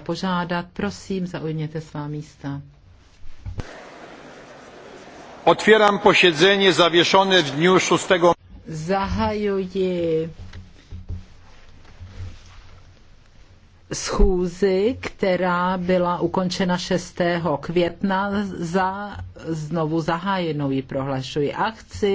požádat. Prosím, zaujměte svá místa. Otvírám posiedzenie zavěšené v dňu 6. Zahajuji schůzi, která byla ukončena 6. května, za znovu zahájenou ji prohlašuji. A chci